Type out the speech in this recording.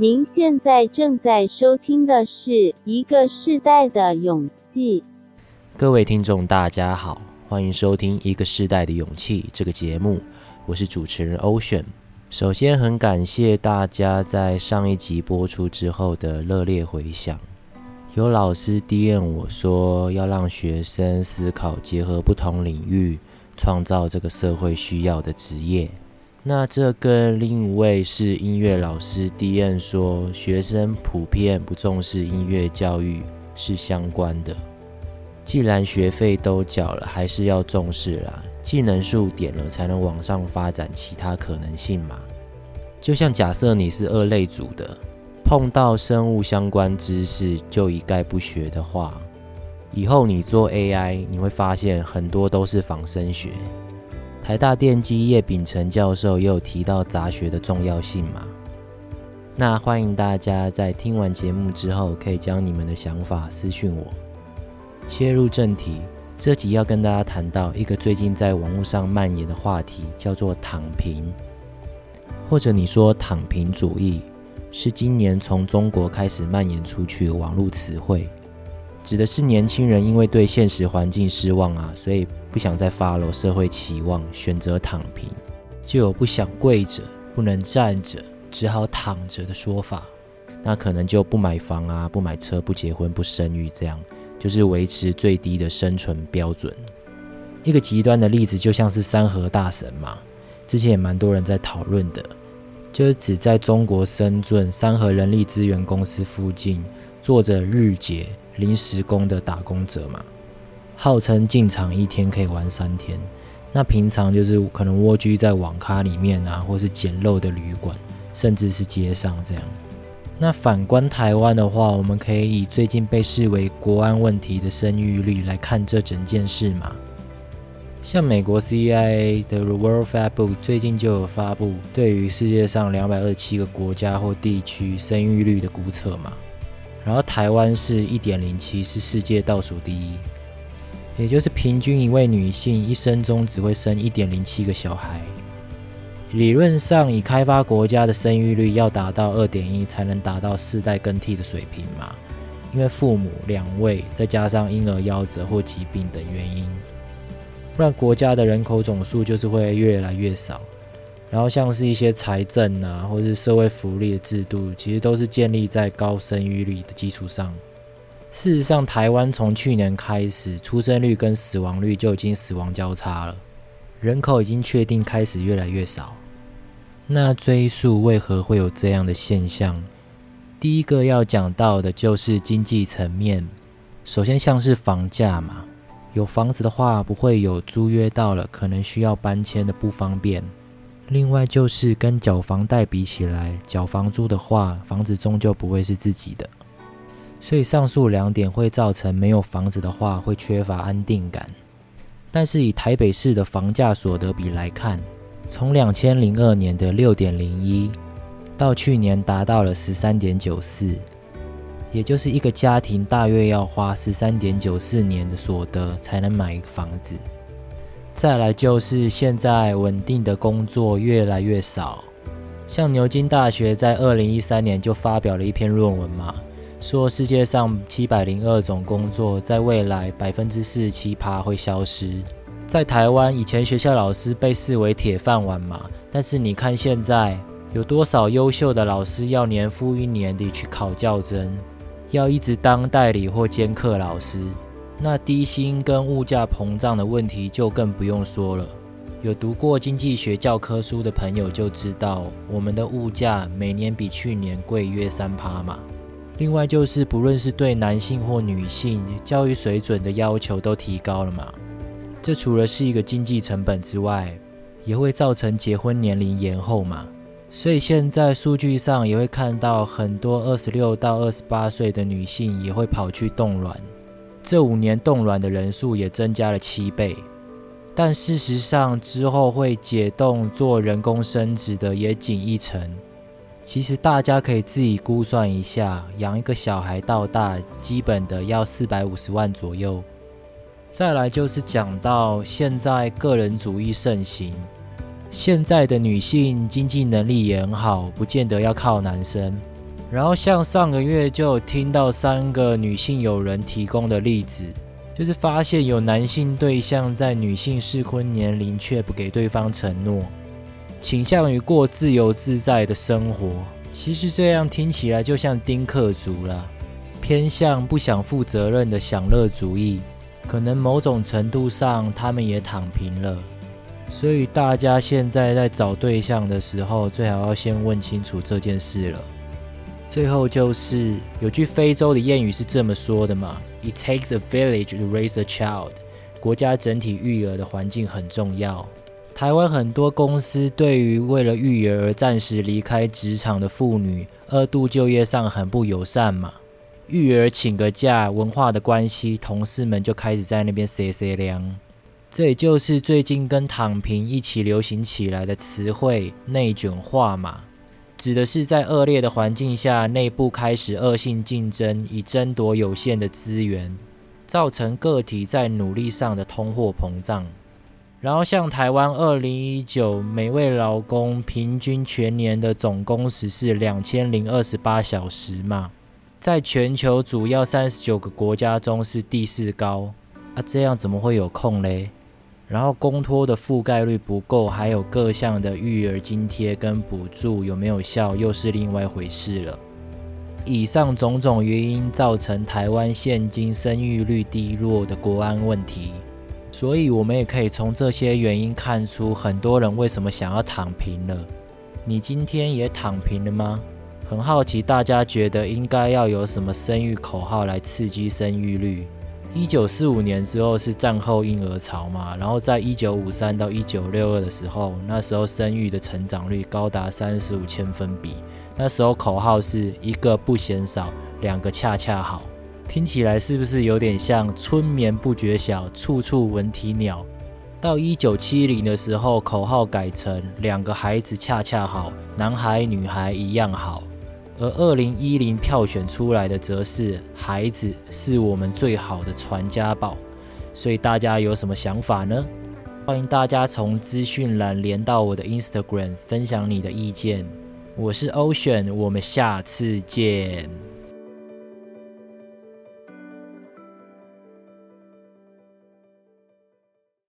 您現在正在收聽的是《一個世代的勇氣》。各位聽眾，大家好，歡迎收聽《一個世代的勇氣》這個節目，我是主持人 Ocean。首先，很感謝大家在上一集播出之後的熱烈迴響。有老師 DM 我說，說要讓學生思考，結合不同領域，創造這個社會需要的職業。那這跟另一位是音樂老師 Dian 說，學生普遍不重視音樂教育是相關的。既然學費都繳了，還是要重視啦。技能樹點了才能往上發展其他可能性嘛。就像假設你是二類組的，碰到生物相關知識就一概不學的話，以後你做 AI，你會發現很多都是仿生學。台大電機葉丙成教授也有提到雜學的重要性嘛。那歡迎大家在聽完節目之後，可以將你們的想法私訊我。切入正題，這集要跟大家談到一個最近在網絡上蔓延的話題，叫做“躺平”，或者你說“躺平主義”，是今年從中國開始蔓延出去的網絡詞彙。指的是年輕人因為對現實環境失望啊，所以不想再 follow 社會期望，選擇躺平，就有不想跪着、不能站着，只好躺着的說法。那可能就不買房啊、不買車、不結婚、不生育，這樣就是維持最低的生存標準。一個極端的例子，就像是三和大神嘛，之前也蠻多人在討論的，就是指在中國深圳三和人力資源公司附近做着日結。臨時工的打工者嘛，號稱進廠一天可以玩三天，那平常就是可能蝸居在網咖裡面啊，或是簡陋的旅館，甚至是街上這樣。那反觀台灣的話，我們可以以最近被視為國安問題的生育率來看這整件事嘛。像美國 CIA 的 World Factbook 最近就有發布對於世界上兩百二十七個國家或地區生育率的估測嘛。然後台灣是一點零七，是世界倒數第一，也就是平均一位女性一生中只會生一點零七個小孩。理論上，已開發國家的生育率要達到二點一，才能達到世代更替的水平嘛。因為父母兩位，再加上嬰兒夭折或疾病等原因，不然國家的人口總數就是會越來越少。然後像是一些財政啊，或者是社會福利的制度，其實都是建立在高生育率的基礎上。事實上，台灣從去年開始，出生率跟死亡率就已經死亡交叉了，人口已經確定開始越來越少。那追溯為何會有這樣的現象？第一個要講到的就是經濟層面。首先像是房價嘛，有房子的話不會有租約到了可能需要搬遷的不方便。另外就是跟繳房貸比起來，繳房租的話，房子終究不會是自己的，所以上述兩點會造成沒有房子的話會缺乏安定感。但是以台北市的房價所得比來看，從兩千零二年的六點零一到去年達到了十三點九四，也就是一個家庭大約要花十三點九四年的所得才能買一個房子。再來就是現在穩定的工作越來越少，像牛津大學在二零一三年就發表了一篇論文嘛，說世界上七百零二種工作在未來百分之四十七趴會消失。在台灣，以前學校老師被視為鐵飯碗嘛，但是你看現在有多少優秀的老師要年復一年的去考教甄，要一直當代理或兼課老師。那低薪跟物價膨脹的問題就更不用說了。有讀過經濟學教科書的朋友就知道，我們的物價每年比去年貴約三趴嘛。另外就是，不論是對男性或女性教育水準的要求都提高了嘛。這除了是一個經濟成本之外，也會造成結婚年齡延後嘛。所以現在數據上也會看到，很多二十六到二十八歲的女性也會跑去凍卵。這五年凍卵的人數也增加了七倍，但事實上之後會解凍做人工生殖的也僅一成。其實大家可以自己估算一下，養一個小孩到大，基本的要四百五十萬左右。再來就是講到現在個人主義盛行，現在的女性經濟能力也很好，不見得要靠男生。然後像上個月就有聽到三個女性友人提供的例子，就是發現有男性對象在女性適婚年齡卻不給對方承諾，傾向於過自由自在的生活。其實這樣聽起來就像丁克族了，偏向不想負責任的享樂主義。可能某種程度上他們也躺平了，所以大家現在在找對象的時候，最好要先問清楚這件事了。最後就是有句非洲的諺語是這麼說的嘛：“It takes a village to raise a child。”國家整體育兒的環境很重要。台灣很多公司對於為了育兒而暫時離開職場的婦女，二度就業上很不友善嘛。育兒請個假，文化的關係，同事們就開始在那邊歇歇涼。這也就是最近跟躺平一起流行起來的詞彙——內捲化嘛。指的是在惡劣的環境下，內部開始惡性競爭，以爭奪有限的資源，造成個體在努力上的通貨膨脹。然後，像台灣二零一九，每位勞工平均全年的總工時是兩千零二十八小時嘛，在全球主要三十九個國家中是第四高。啊，這樣怎麼會有空嘞？然後公托的覆蓋率不夠，還有各項的育兒津貼跟補助有沒有效，又是另外一回事了。以上種種原因造成台灣現今生育率低落的國安問題，所以我們也可以從這些原因看出很多人為什麼想要躺平了。你今天也躺平了嗎？很好奇大家覺得應該要有什麼生育口號來刺激生育率？一九四五年之後是戰後嬰兒潮嘛，然後在一九五三到一九六二的時候，那時候生育的成長率高達三十五千分比，那時候口號是一個不嫌少，兩個恰恰好，聽起來是不是有點像春眠不覺曉，處處聞啼鳥？到一九七零的時候，口號改成兩個孩子恰恰好，男孩女孩一樣好。而二零一零票選出來的則是孩子是我們最好的傳家寶，所以大家有什麼想法呢？歡迎大家從資訊欄連到我的 Instagram，分享你的意見。我是 Ocean，我們下次見。